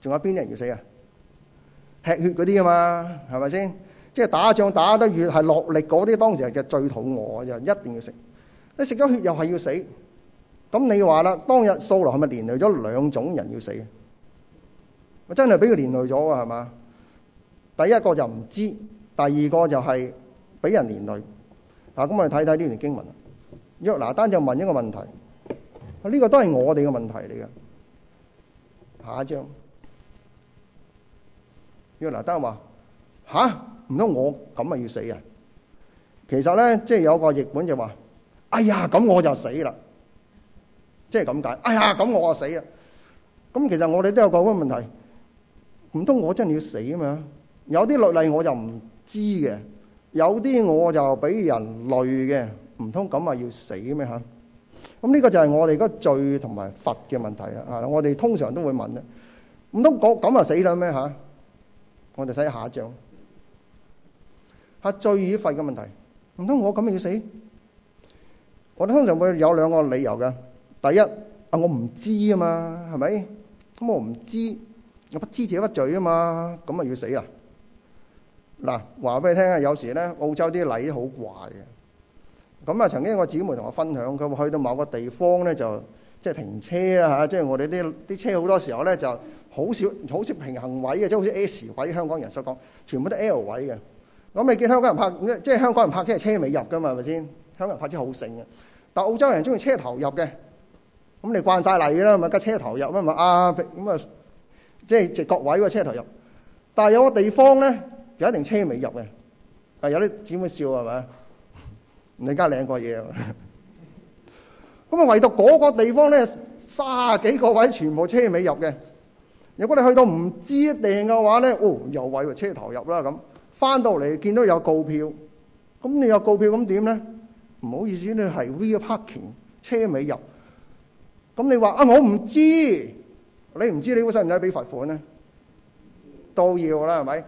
仲有邊啲人要死啊？吃血嗰啲啊嘛，係咪先？即係打仗打得越係落力嗰啲，當時係最肚餓嘅，就一定要食。你食咗血又係要死。咁你話啦，當日掃羅係咪連累咗兩種人要死？我真係俾佢連累咗㗎，係嘛？第一個就唔知，第二個就係俾人連累。嗱，咁我哋睇睇呢段經文。約拿單就問一個問題，呢個都係我哋嘅問題嚟嘅。下一章。要嗱，但係話唔通我咁咪要死啊？其實咧，即係有個譯本就話：哎呀，咁我就死啦！即係咁解，哎呀，咁我啊死啦！咁其實我哋都有個問題，唔通我真係要死啊？嘛，有啲律例我就唔知嘅，有啲我就俾人累嘅，唔通咁咪要死咩嚇？咁、啊、呢個就係我哋個罪同埋罰嘅問題啊！我哋通常都會問咧，唔通講咁啊死啦咩嚇？我哋睇下一章，嚇罪與罰嘅問題，唔通我咁咪要死？我哋通常會有兩個理由嘅，第一啊，我唔知啊嘛，係咪？咁我唔知，我不知者不，不，不罪啊嘛，咁咪要死啊！嗱，話俾你聽啊，有時咧澳洲啲禮好怪嘅，咁啊曾經我姊妹同我分享，佢話去到某個地方咧就。即係停車啦嚇，即係我哋啲啲車好多時候咧就，就好少好少平行位嘅，即係好似 S 位香港人所講，全部都 L 位嘅。我未見香港人泊，即係香港人泊車係車尾入嘅嘛係咪先？香港人泊車好盛嘅，但澳洲人中意車頭入嘅。咁你慣晒例啦，咪架車頭入啦，咪啊咁啊，即係直角位喎車頭入。但係有個地方咧，就一定車尾入嘅。係有啲姊妹笑係咪？你加兩個嘢。咁啊，唯獨嗰個地方咧，卅幾個位全部車尾入嘅。如果你去到唔知一定嘅話咧，哦，又位喎，車頭入啦咁。翻到嚟見到有告票，咁、嗯、你有告票咁點咧？唔好意思，你係 rear parking，車尾入。咁、嗯、你話啊，我唔知，你唔知你會使唔使俾罰款咧？都要啦，係咪？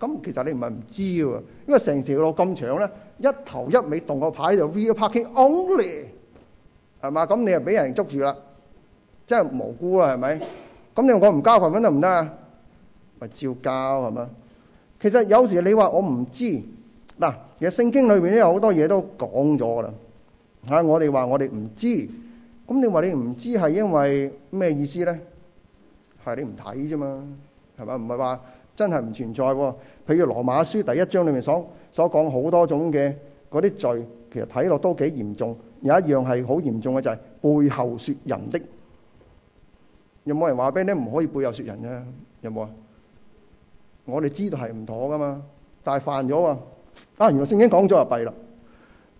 咁、嗯、其實你唔係唔知嘅，因為成條路咁長咧，一頭一尾棟個牌就 rear parking only。係嘛？咁你又俾人捉住啦，真係無辜啦，係咪？咁你話我唔交罰款得唔得啊？咪照交係嘛？其實有時你話我唔知嗱，其實聖經裏面咧有好多嘢都講咗噶啦吓。我哋話我哋唔知，咁你話你唔知係因為咩意思咧？係你唔睇啫嘛，係嘛？唔係話真係唔存在。譬如羅馬書第一章裏面所所講好多種嘅嗰啲罪，其實睇落都幾嚴重。有一樣係好嚴重嘅，就係、是、背後説人的。有冇人話俾你唔可以背後説人啊！有冇啊？我哋知道係唔妥噶嘛，但係犯咗喎啊！原來聖經講咗就弊啦。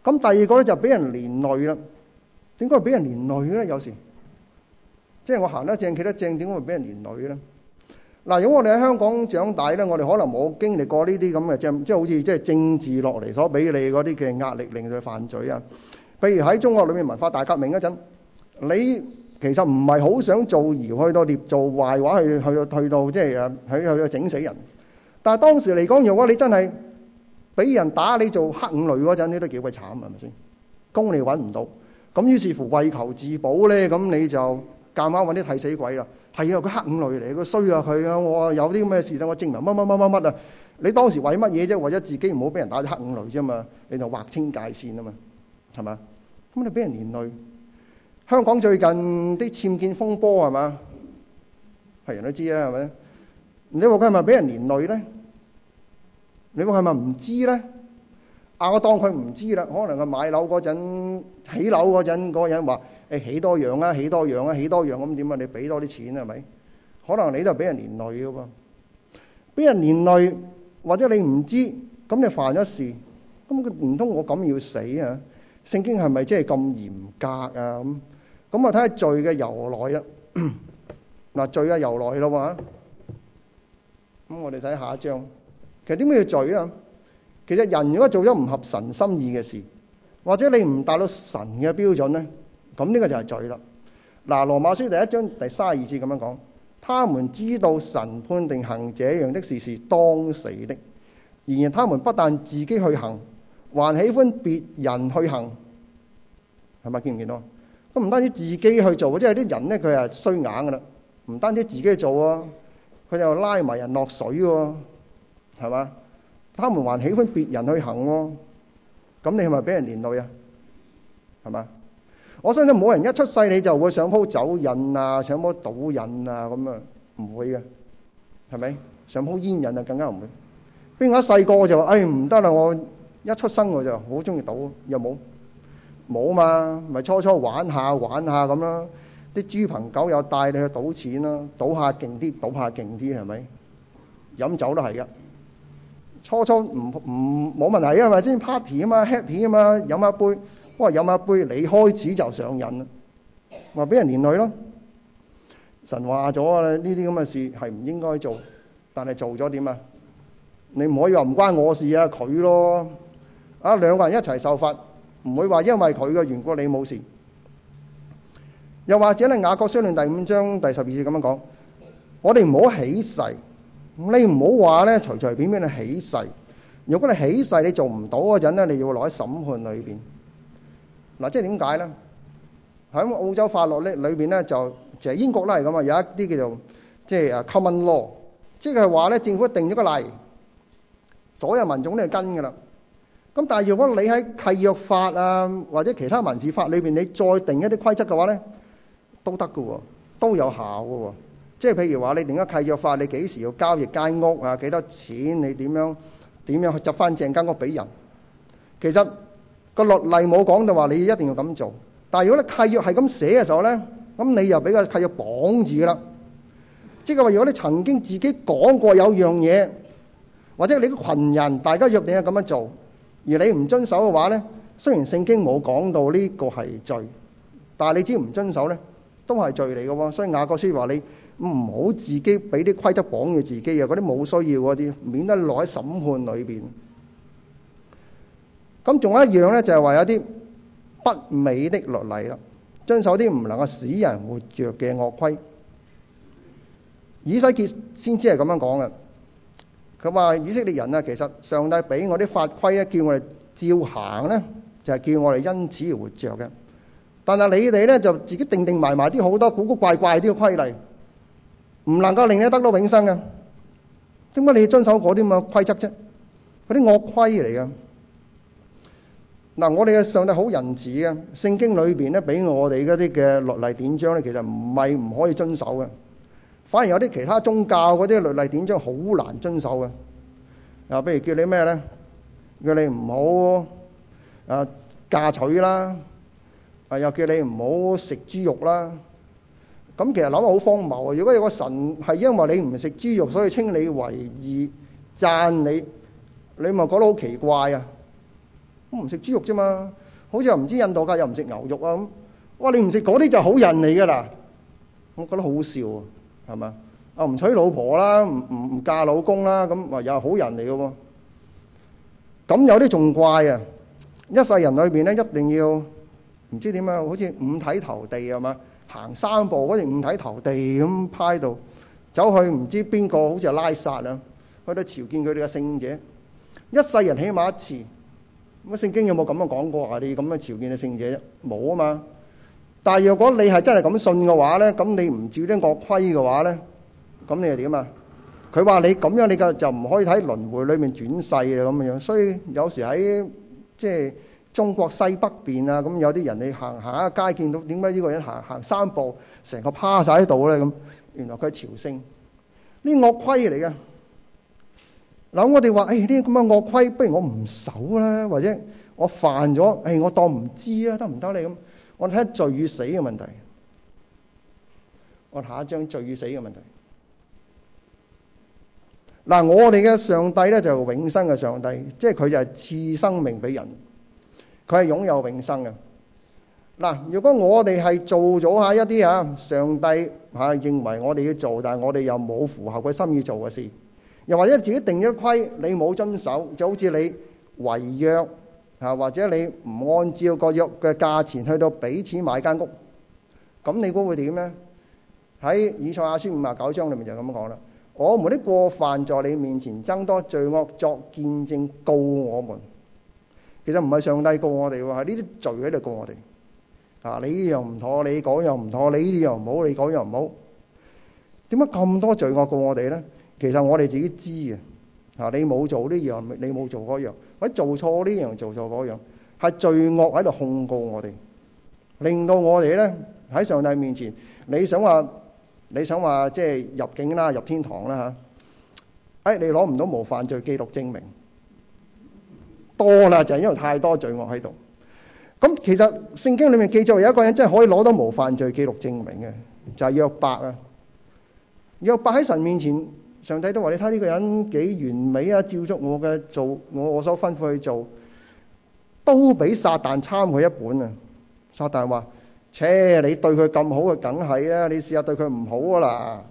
咁第二個咧就係、是、俾人連累啦。點解會俾人連累咧？有時即係、就是、我行得正，企得正，點解會俾人連累咧？嗱、啊，如果我哋喺香港長大咧，我哋可能冇經歷過呢啲咁嘅即係即係好似即係政治落嚟所俾你嗰啲嘅壓力，令佢犯罪啊。譬如喺中國裏面文化大革命嗰陣，你其實唔係好想造謠去到捏做壞話去去到去到即係誒喺去，去整死人。但係當時嚟講，如果你真係俾人打你做黑五類嗰陣，你都幾鬼慘啊？係咪先工你揾唔到咁？於是乎為求自保咧，咁你就夾硬揾啲替死鬼啦。係啊，佢黑五類嚟，佢衰啊！佢我有啲咩事想我證明乜乜乜乜乜啊？你當時為乜嘢啫？為咗自己唔好俾人打做黑五類啫嘛，你就劃清界線啊嘛。係嘛，咁你俾人連累，香港最近啲僭建風波，係嘛係人都知啊，係咪咧？你話佢係咪俾人連累咧？你話係咪唔知咧？啊，我當佢唔知啦。可能佢買樓嗰陣起樓嗰陣嗰人話誒、欸、起多樣啊，起多樣啊，起多樣咁點啊？樣樣你俾多啲錢係咪？可能你都係俾人連累嘅喎，俾人連累或者你唔知咁，你犯咗事咁，佢唔通我咁要死啊？聖經係咪真係咁嚴格啊？咁咁啊睇下罪嘅由來啊！嗱， 罪嘅由來啦嘛。咁我哋睇下一章。其實點解叫罪啊？其實人如果做咗唔合神心意嘅事，或者你唔達到神嘅標準咧，咁呢個就係罪啦。嗱，《羅馬書》第一章第三十二節咁樣講：他們知道神判定行這樣的事是當死的，然而他們不但自己去行，還喜歡別人去行係咪？見唔見到？咁唔單止自己去做嘅，即係啲人咧，佢係衰硬㗎啦。唔單止自己去做啊，佢又拉埋人落水喎，係嘛？他們還喜歡別人去行喎，咁你係咪俾人連累啊？係嘛？我相信冇人一出世你就會想鋪酒癮啊，想鋪賭癮啊咁啊，唔會嘅，係咪？想鋪煙癮啊，更加唔會。邊個細個就話：，哎，唔得啦，我。一出生我就好中意賭，又冇冇啊嘛，咪初初玩下玩下咁啦，啲豬朋狗友帶你去賭錢啦，賭下勁啲，賭下勁啲，係咪？飲酒都係啊，初初唔唔冇問題啊，係咪？先 party 啊嘛，happy 啊嘛，飲一杯，哇飲一杯，你開始就上癮啦，話俾人連累咯。神話咗啦，呢啲咁嘅事係唔應該做，但係做咗點啊？你唔可以話唔關我事啊，佢咯。啊！兩個人一齊受罰，唔會話因為佢嘅緣故，你冇事。又或者咧，《雅各相論第五章第十二節咁樣講：我哋唔好起誓，你唔好話咧，隨隨便便你起誓。如果你起誓，你做唔到嗰陣咧，你要落喺審判裏邊。嗱，啊，即係點解咧？喺澳洲法律咧裏邊咧，就就係英國咧係咁啊，有一啲叫做即係 common law，即係話咧政府定一定咗個例，所有民眾都係跟㗎啦。咁但係，如果你喺契約法啊，或者其他民事法裏邊，你再定一啲規則嘅話咧，都得嘅喎，都有效嘅喎、哦。即係譬如話，你定個契約法，你幾時要交易間屋啊？幾多錢？你點樣點樣去執翻正間屋俾人？其實個律例冇講到話你一定要咁做。但係如果你契約係咁寫嘅時候咧，咁你又俾個契約綁住㗎啦。即係話，如果你曾經自己講過有樣嘢，或者你個群人大家約定係咁樣做。而你唔遵守嘅話咧，雖然聖經冇講到呢個係罪，但係你只要唔遵守咧都係罪嚟嘅喎。所以雅各書話你唔好自己俾啲規則綁住自己啊！嗰啲冇需要嗰啲，免得落喺審判裏邊。咁仲有一樣咧，就係話有啲不美的律例啦，遵守啲唔能夠使人活着嘅惡規。以西結先知係咁樣講嘅。佢話：以色列人啊，其實上帝俾我啲法規咧，叫我哋照行咧，就係叫我哋因此而活着嘅。但係你哋咧就自己定定埋埋啲好多古古怪怪啲規例，唔能夠令你得到永生嘅。點解你要遵守嗰啲咁嘅規則啫？嗰啲惡規嚟㗎。嗱，我哋嘅上帝好仁慈啊，聖經裏邊咧俾我哋嗰啲嘅律例典章咧，其實唔係唔可以遵守嘅。反而有啲其他宗教嗰啲律例典章好難遵守嘅啊，比如叫你咩咧？叫你唔好啊嫁娶啦，啊又叫你唔好食豬肉啦。咁其實諗下好荒謬。如果有個神係因為你唔食豬肉，所以稱你為義，讚你，你咪覺得好奇怪啊！我唔食豬肉啫嘛，好似又唔知印度教又唔食牛肉啊咁。哇！你唔食嗰啲就好人嚟㗎啦，我覺得好笑啊！係嘛？啊唔娶老婆啦，唔唔唔嫁老公啦，咁話又係好人嚟嘅喎。咁有啲仲怪啊！一世人裏邊咧，一定要唔知點樣，好似五體投地係嘛？行三步，好似五體投地咁派喺度，走去唔知邊個，好似係拉薩啊，去到朝見佢哋嘅聖者。一世人起碼一次，咁聖經有冇咁樣講過話、啊、你咁樣朝見嘅聖者？冇啊嘛。但係，如果你係真係咁信嘅話咧，咁你唔照啲惡規嘅話咧，咁你係點啊？佢話你咁樣，你嘅就唔可以喺輪迴裡面轉世啦咁嘅樣。所以有時喺即係中國西北邊啊，咁有啲人你行行下街，見到點解呢個人行行三步，成個趴晒喺度咧咁？原來佢係朝聖，呢惡規嚟嘅。嗱，我哋話誒呢啲咁嘅惡規，不如我唔守啦，或者我犯咗，誒、哎、我當唔知啊，得唔得你？」咁？我睇罪與死嘅問題，我下一張罪與死嘅問題。嗱，我哋嘅上帝咧就永生嘅上帝，即係佢就係賜生命俾人，佢係擁有永生嘅。嗱，如果我哋係做咗下一啲啊，上帝嚇認為我哋要做，但係我哋又冇符合佢心意做嘅事，又或者自己定咗規，你冇遵守，就好似你違約。啊，或者你唔按照個約嘅價錢去到俾錢買間屋，咁你估會點呢？喺以賽亞書五十九章裡面就係咁講啦。我們啲過犯在你面前增多，罪惡作見證告我們。其實唔係上帝告我哋喎，係呢啲罪喺度告我哋。啊，你呢樣唔妥，你講又唔妥，你呢啲又唔好，你講又唔好。點解咁多罪惡告我哋呢？其實我哋自己知嘅。啊，你冇做呢樣，你冇做嗰樣。我喺做錯呢樣，做錯嗰樣，係罪惡喺度控告我哋，令到我哋咧喺上帝面前，你想話你想話即係入境啦，入天堂啦吓，哎你攞唔到無犯罪記錄證明，多啦就係因為太多罪惡喺度。咁其實聖經裏面記載有一個人真係可以攞到無犯罪記錄證明嘅，就係約伯啊，約伯喺神面前。上帝都話：你睇呢個人幾完美啊，照足我嘅做，我我所吩咐去做，都俾撒旦參佢一本啊！撒旦話：切，你對佢咁好，嘅梗係啊！你試下對佢唔好啊啦！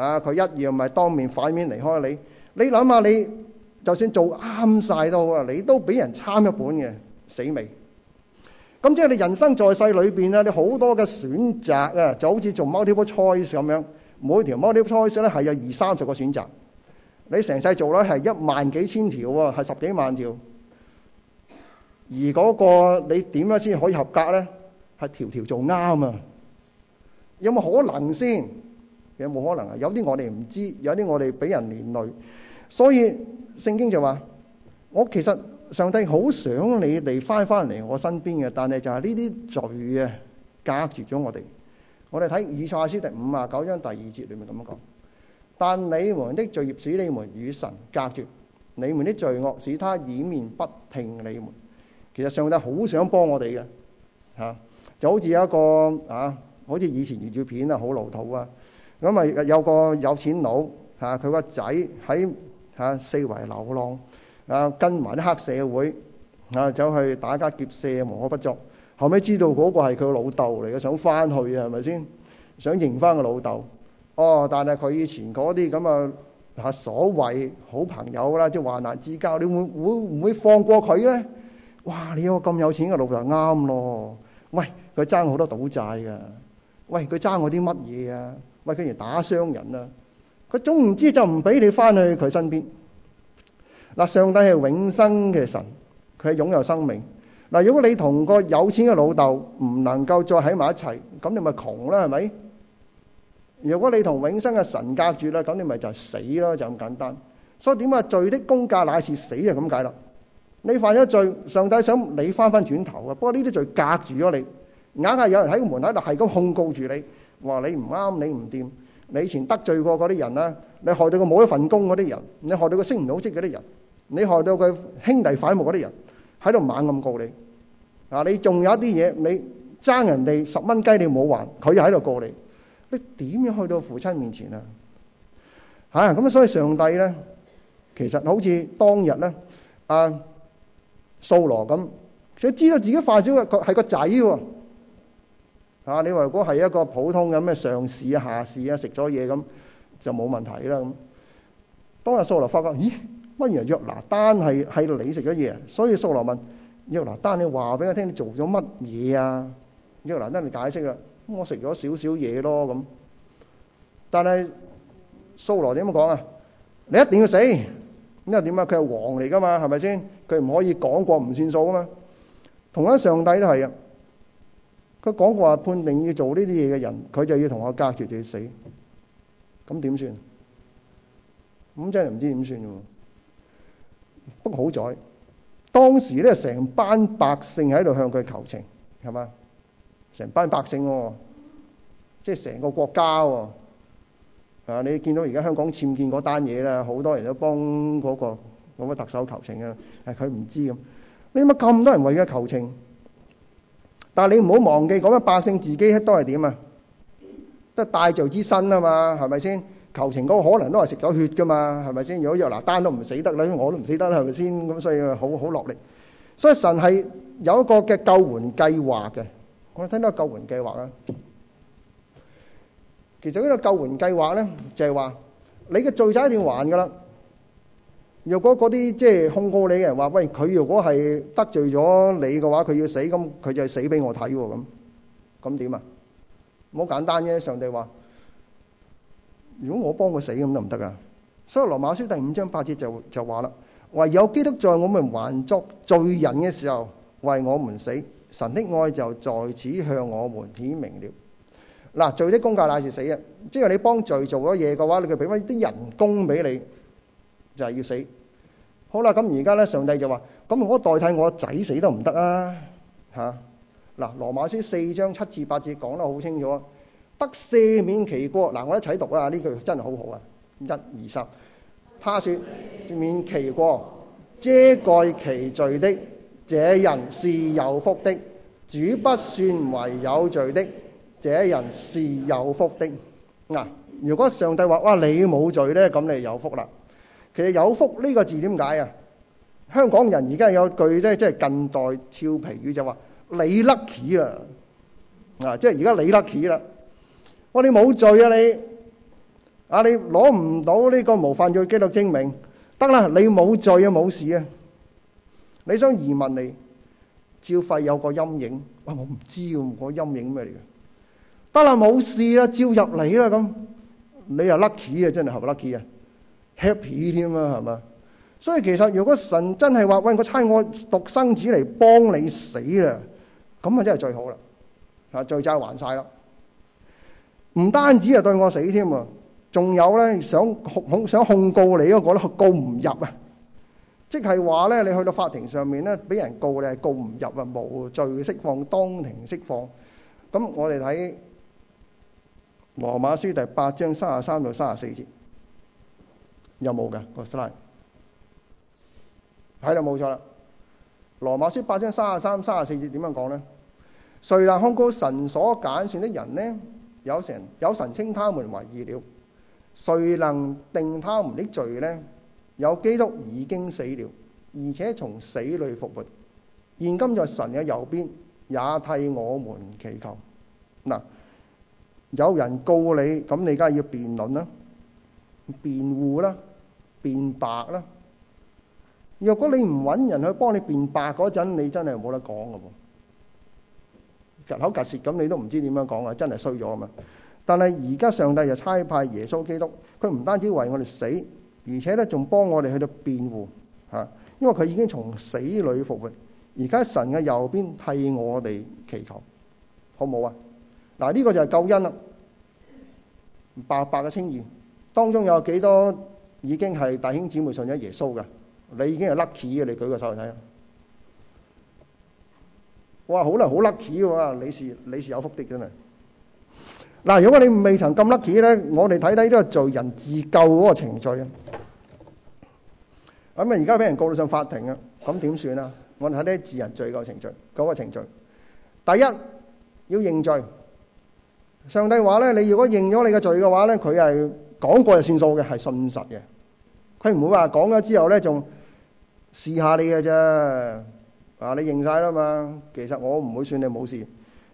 啊，佢一樣咪當面反面離開你。你諗下，你就算做啱晒都好啊，你都俾人參一本嘅死未？咁即係你人生在世裏邊啊，你好多嘅選擇啊，就好似做 multiple choice 咁樣。每一條 multiple choice 咧係有二三十個選擇，你成世做咧係一萬幾千條喎，係十幾萬條。而嗰個你點樣先可以合格咧？係條條做啱啊！有冇可能先？有冇可能啊！有啲我哋唔知，有啲我哋俾人連累。所以聖經就話：我其實上帝好想你哋翻翻嚟我身邊嘅，但係就係呢啲罪啊隔絕咗我哋。我哋睇以賽亞書第五十九章第二節裏面咁樣講，但你們的罪孽使你們與神隔絕，你們的罪惡使他掩面不聽你們。其實上帝好想幫我哋嘅，吓，就好似有一個啊，好似以前粵語片啊，好老土啊。咁啊有個有錢佬啊，佢個仔喺吓四圍流浪啊，跟埋啲黑社會啊，走去打家劫舍，無惡不作。後尾知道嗰個係佢老豆嚟嘅，想翻去啊，係咪先？想認翻個老豆。哦，但係佢以前嗰啲咁啊，吓所謂好朋友啦，即係患難之交，你會會唔會放過佢咧？哇！你有個咁有錢嘅老豆啱咯。喂，佢爭好多賭債㗎！喂，佢爭我啲乜嘢啊？喂，竟然打傷人啊！佢總唔知就唔俾你翻去佢身邊。嗱，上帝係永生嘅神，佢係擁有生命。嗱，如果你同個有錢嘅老豆唔能夠再喺埋一齊，咁你咪窮啦，係咪？如果你同永生嘅神隔住啦，咁你咪就係死啦，就咁簡單。所以點啊？罪的公價乃是死啊，咁解啦。你犯咗罪，上帝想你翻翻轉頭啊。不過呢啲罪隔住咗你，硬係有人喺個門口度係咁控告住你，話你唔啱，你唔掂，你以前得罪過嗰啲人啦，你害到佢冇一份工嗰啲人，你害到佢升唔到職嗰啲人，你害到佢兄弟反目嗰啲人。喺度猛咁告你，嗱、啊，你仲有一啲嘢，你爭人哋十蚊雞，你冇還，佢又喺度告你，你點樣去到父親面前啊？吓、啊，咁所以上帝咧，其實好似當日咧，阿掃羅咁，佢知道自己犯咗個係個仔喎，啊，你話如果係一個普通嘅咩上士、啊、下啊下士啊食咗嘢咁，就冇問題啦咁。當日掃羅發覺，咦？不如約拿單係係你食咗嘢，所以蘇羅問約拿單：你話俾我聽，你做咗乜嘢啊？約拿單，你解釋啦，我食咗少少嘢咯咁。但係蘇羅點樣講啊？你一定要死，因為點啊？佢係王嚟噶嘛，係咪先？佢唔可以講過唔算數啊嘛。同一上帝都係啊，佢講過話判定要做呢啲嘢嘅人，佢就要同我隔絕，就要死。咁點算？咁真係唔知點算喎。不過好在當時咧，成班百姓喺度向佢求情，係嘛？成班百姓喎、哦，即係成個國家喎、哦。啊，你見到而家香港僭建嗰單嘢啦，好多人都幫嗰、那個嗰、那個、特首求情啊，係佢唔知咁。點解咁多人為佢求情？但係你唔好忘記，嗰、那、班、個、百姓自己都係點啊？都帶罪之身啊嘛，係咪先？.求情嗰個可能都係食咗血噶嘛，係咪先？如果若嗱單都唔死得咧，我都唔死得咧，係咪先？咁所以好好落力，所以神係有一個嘅救援計劃嘅。我聽到呢個救援計劃啊，其實呢個救援計劃咧就係話你嘅罪債一定要還噶啦。若果嗰啲即係控告你嘅人話喂，佢如果係得罪咗你嘅話，佢要死咁，佢就係死俾我睇喎咁，咁點啊？好簡單啫，上帝話。如果我幫佢死咁，得唔得啊？所以羅馬書第五章八節就就話啦：唯有基督在我們還作罪人嘅時候為我們死，神的愛就在此向我們顯明了。嗱、啊，罪的工價乃是死啊！即係你幫罪做咗嘢嘅話，你佢俾翻啲人工俾你，就係、是、要死。好啦，咁而家咧，上帝就話：咁我代替我仔死都唔得啊！吓、啊，嗱、啊，羅馬書四章七至八節講得好清楚、啊。得赦免其過，嗱，我一齊讀啊！呢句真係好好啊！一二三，他說：赦免 其過，遮蓋其罪的，這人是有福的；主不算為有罪的，這人是有福的。嗱、啊，如果上帝話：哇，你冇罪咧，咁你有福啦。其實有福呢個字點解啊？香港人而家有句咧，即係近代俏皮語就話：你 lucky 啊！啊，即係而家你 lucky 啦。.我、哦、你冇罪啊！你啊，你攞唔到呢個無犯罪記錄證明，得啦，你冇罪啊，冇事啊。你想移民，你，照肺有個陰影。哇，我唔知啊，個陰影咩嚟嘅？得啦，冇事啦、啊，照入嚟啦咁。你又 lucky 啊，真係合 lucky 啊，happy 添啊，係嘛、啊？所以其實如果神真係話，喂，我差我獨生子嚟幫你死啦，咁啊真係最好啦，啊罪債還晒啦。唔單止係，對我死添啊，仲有咧想控，控想控告你嗰個咧告唔入啊，即係話咧你去到法庭上面咧，俾人告你係告唔入啊，無罪釋放，當庭釋放。咁我哋睇羅馬書第八章三十三到三十四節有冇嘅、這個 slide？睇到冇錯啦。羅馬書八章三十三三十四節點樣講咧？誰能控告神所揀選的人呢？有神，有神稱他們為義了，誰能定他們的罪呢？有基督已經死了，而且從死裏復活，現今在神嘅右邊，也替我們祈求。嗱，有人告你，咁你梗係要辯論啦，辯護啦，辯白啦。若果你唔搵人去幫你辯白嗰陣，你真係冇得講噶喎。入口夾舌咁，你都唔知點樣講啊！真係衰咗啊嘛。但係而家上帝就差派耶穌基督，佢唔單止為我哋死，而且咧仲幫我哋去到辯護吓，因為佢已經從死裏復活。而家神嘅右邊替我哋祈求，好冇啊？嗱，呢個就係救恩啦，白白嘅稱義。當中有幾多已經係弟兄姊妹信咗耶穌嘅？你已經係 lucky 嘅，你舉個手嚟睇啊！哇，好啦，啊，好 lucky 喎！你是你是有福的，真係。嗱，如果你未曾咁 lucky 咧，我哋睇睇都係罪人自救嗰個程序啊。咁啊，而家俾人告到上法庭啊，咁點算啊？我哋睇啲罪人自救程序，嗰個程序，第一要認罪。上帝話咧，你如果認咗你嘅罪嘅話咧，佢係講過就算數嘅，係信實嘅。佢唔會話講咗之後咧，仲試下你嘅啫。嗱，你認曬啦嘛。其實我唔會算你冇事，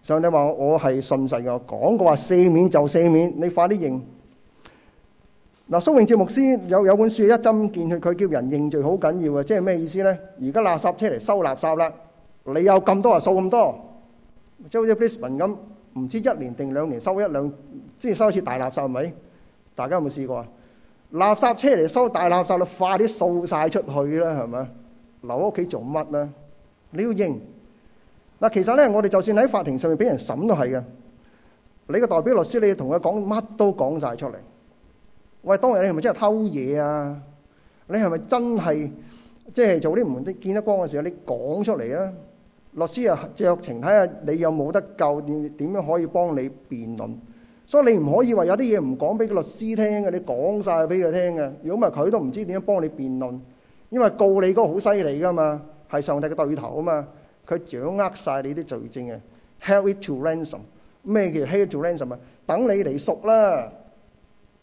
所以你話我係信實嘅，講過話赦免就赦免，你快啲認嗱。蘇榮照牧師有有本書，一針見血，佢叫人認罪好緊要嘅，即係咩意思咧？而家垃圾車嚟收垃圾啦，你有咁多就掃咁多，即係好似 Brisbane 咁，唔知一年定兩年收一兩，先收一次大垃圾係咪？大家有冇試過啊？垃圾車嚟收大垃圾，你快啲掃曬出去啦，係咪啊？留喺屋企做乜咧？你要認嗱，其實咧，我哋就算喺法庭上面俾人審都係嘅。你個代表律師，你要同佢講乜都講晒出嚟。喂，當日你係咪真係偷嘢啊？你係咪真係即係做啲唔見得光嘅事啊？你講出嚟啦，律師啊，酌情睇下你有冇得救，點點樣可以幫你辯論。所以你唔可以話有啲嘢唔講俾個律師聽嘅，你講晒俾佢聽嘅。如果唔係，佢都唔知點樣幫你辯論，因為告你嗰個好犀利噶嘛。係上帝嘅對頭啊嘛！佢掌握曬你啲罪證啊，help it to ransom。咩叫 help to ransom 啊？等你嚟贖啦，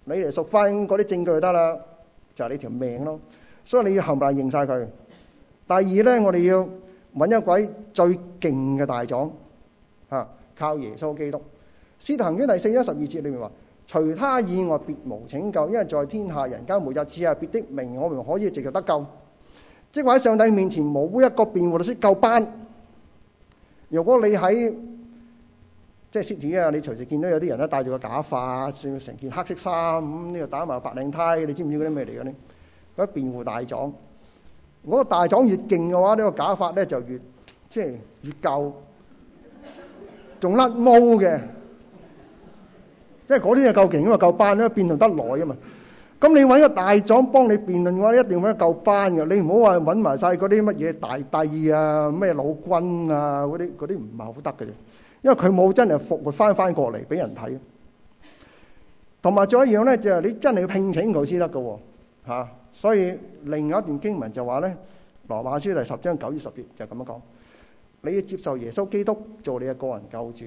你嚟贖翻嗰啲證據就得啦，就係你條命咯。所以你要冚唪唥認曬佢。第二咧，我哋要揾一位最勁嘅大狀嚇，靠耶穌基督。《使徒行傳》第四一十二節裏面話：除他以外，別無拯救，因為在天下人間沒有賜下別的名，我們可以藉著得救。即係話喺上帝面前冇一個辯護律師夠班。如果你喺即係 city 啊，你隨時見到有啲人咧戴住個假髮，穿成件黑色衫，咁呢度打埋白領呔，你知唔知嗰啲咩嚟嘅咧？嗰啲辯護大狀，如果大狀越勁嘅話，呢個假髮咧就越即係越舊，仲甩毛嘅。即係嗰啲就夠勁，因為夠班咧辯論得耐啊嘛。咁你揾個大狀幫你辯論嘅話，你一定要揾一嚿班嘅。你唔好話揾埋晒嗰啲乜嘢大帝啊、咩老君啊嗰啲、嗰啲唔係好得嘅。因為佢冇真係復活翻翻過嚟俾人睇。同埋仲有一樣咧，就係你真係要聘請佢先得㗎吓。所以另一段經文就話咧，《羅馬書》第十章九至十節就咁樣講。你要接受耶穌基督做你嘅個人救主，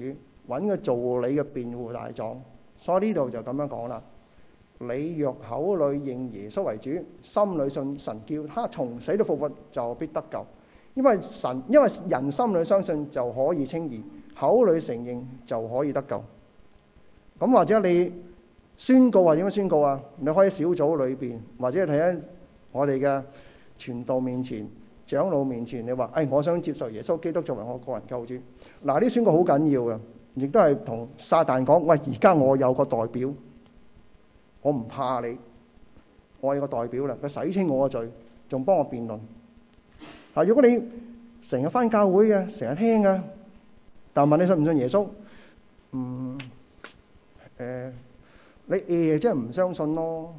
揾佢做你嘅辯護大狀。所以呢度就咁樣講啦。你若口裏認耶穌為主，心裏信神叫他從死到復活，就必得救。因為神，因為人心裏相信就可以稱義，口裏承認就可以得救。咁、嗯、或者你宣告，或者點樣宣告啊？你可以喺小組裏邊，或者你睇喺我哋嘅傳道面前，長老面前，你話，誒、哎，我想接受耶穌基督作為我個人救主。嗱，呢啲宣告好緊要嘅，亦都係同撒旦講，喂，而家我有個代表。我唔怕你，我係個代表啦。佢洗清我嘅罪，仲幫我辯論。嗱，如果你成日翻教會嘅，成日聽嘅，但問你信唔信耶穌？嗯，誒、呃，你誒、呃，即係唔相信咯。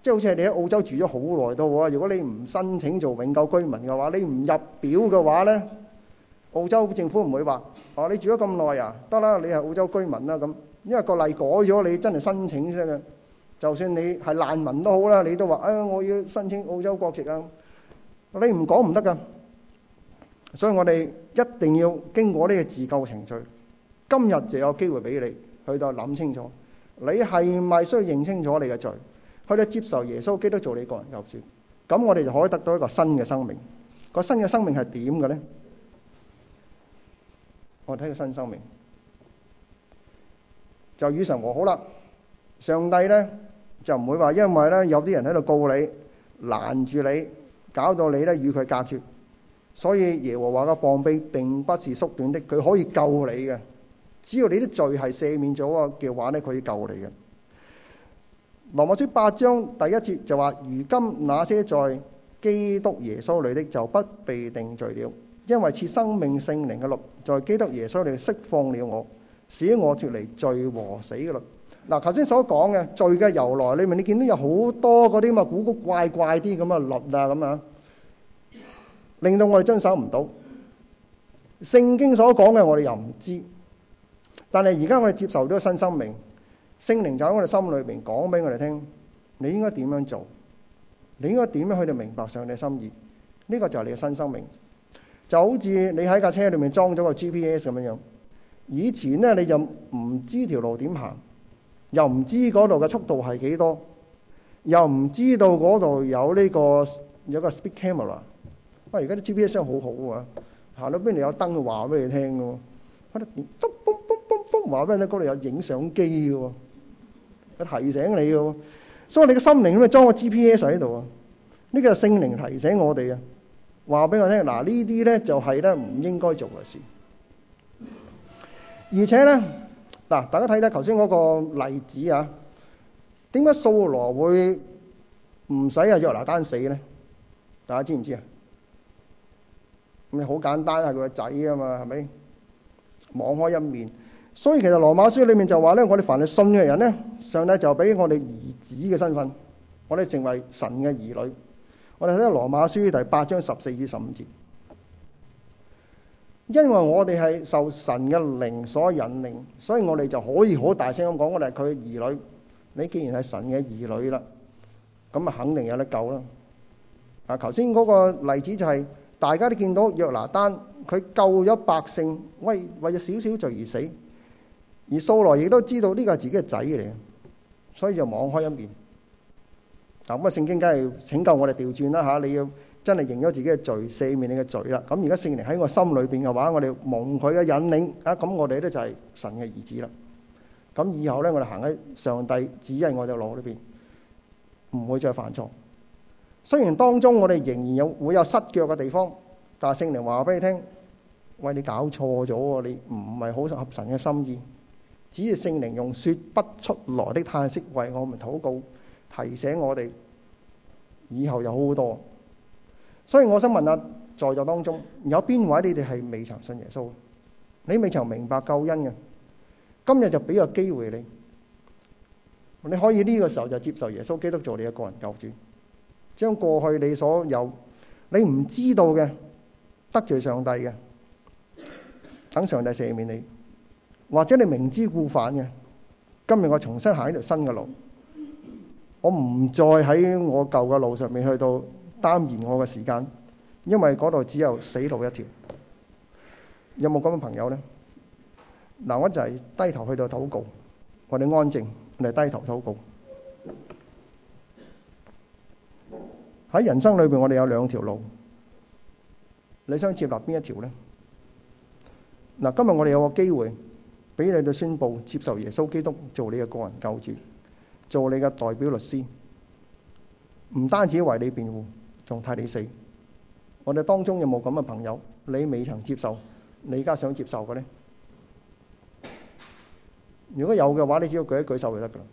即係好似你喺澳洲住咗好耐都好。如果你唔申請做永久居民嘅話，你唔入表嘅話呢，澳洲政府唔會話，哦，你住咗咁耐啊，得啦，你係澳洲居民啦咁。因為個例改咗，你真係申請先得嘅。就算你係難民都好啦，你都話啊，我要申請澳洲國籍啊，你唔講唔得噶所以我哋一定要經過呢個自救程序。今日就有機會俾你去到諗清楚，你係咪需要認清楚你嘅罪，去到接受耶穌基督做你個人救主，咁我哋就可以得到一個新嘅生命。個新嘅生命係點嘅呢？我睇個新生命就與神和好啦，上帝呢。就唔會話，因為咧有啲人喺度告你，攔住你，搞到你咧與佢隔絕。所以耶和華嘅膀臂並不是縮短的，佢可以救你嘅，只要你啲罪係赦免咗嘅話咧，佢可以救你嘅。羅馬書八章第一節就話：如今那些在基督耶穌裏的就不被定罪了，因為賜生命聖靈嘅律在、就是、基督耶穌裏釋放了我，使我脱離罪和死嘅律。嗱，頭先所講嘅罪嘅由來裏面，你見到有好多嗰啲咁啊，古古怪怪啲咁啊，律啊咁樣，令到我哋遵守唔到聖經所講嘅，我哋又唔知。但係而家我哋接受咗個新生命，聖靈就喺我哋心裏面講俾我哋聽，你應該點樣做？你應該點樣去到明白上你嘅心意？呢個就係你嘅新生命，就好似你喺架車裏面裝咗個 G P S 咁樣樣。以前呢，你就唔知條路點行。又唔知嗰度嘅速度係幾多，又唔知道嗰度有呢、呢個有個 speed camera。啊，而家啲 GPS 聲好好啊，行到邊度有燈佢話俾你聽嘅喎，發啲電咚咚咚話俾你聽嗰度有影相機嘅喎、啊，佢提醒你嘅喎、啊。所以你嘅心靈咁咪裝個 GPS 喺度啊？呢、呢個聖靈提醒我哋啊，話俾我聽、啊、嗱，呢啲咧就係咧唔應該做嘅事，而且咧。嗱，大家睇睇頭先嗰個例子啊，點解掃羅會唔使啊約拿單死咧？大家知唔知啊？咁你好簡單，啊，佢個仔啊嘛，係咪？網開一面，所以其實羅馬書裡面就話咧，我哋凡係信嘅人咧，上帝就俾我哋兒子嘅身份，我哋成為神嘅兒女。我哋睇下羅馬書第八章十四至十五節。因為我哋係受神嘅靈所引領，所以我哋就可以好大聲咁講，我哋係佢嘅兒女。你既然係神嘅兒女啦，咁啊肯定有得救啦。啊，頭先嗰個例子就係、是、大家都見到約拿單，佢救咗百姓，喂為為咗少少罪而死，而掃羅亦都知道呢個係自己嘅仔嚟嘅，所以就網開一面。嗱，咁啊，聖、那個、經梗係拯救我哋調轉啦嚇，你要。真係認咗自己嘅罪，赦免你嘅罪啦。咁而家聖靈喺我心裏邊嘅話，我哋蒙佢嘅引領啊，咁、嗯、我哋咧就係神嘅兒子啦。咁、嗯、以後咧，我哋行喺上帝指引我哋路裏邊，唔會再犯錯。雖然當中我哋仍然有會有失腳嘅地方，但係聖靈話俾你聽：餵，你搞錯咗喎，你唔係好合神嘅心意。只要聖靈用説不出來的嘆息為我們禱告，提醒我哋，以後就有好多。所以我想問下，在座當中有邊位你哋係未曾信耶穌？你未曾明白救恩嘅？今日就俾個機會你，你可以呢個時候就接受耶穌基督做你嘅個人救主，將過去你所有你唔知道嘅得罪上帝嘅，等上帝赦免你，或者你明知故犯嘅，今日我重新行一條新嘅路，我唔再喺我舊嘅路上面去到，擔嫌我嘅時間，因為嗰度只有死路一條。有冇咁嘅朋友呢？嗱，我就係低頭去到禱告，我哋安靜，我哋低頭禱告。喺人生裏邊，我哋有兩條路，你想接納邊一條呢？嗱，今日我哋有個機會，俾你哋宣布接受耶穌基督做你嘅個人救主，做你嘅代表律師，唔單止為你辯護。仲替你死，我哋當中有冇咁嘅朋友？你未曾接受，你而家想接受嘅呢？如果有嘅話，你只要舉一舉手就得噶啦。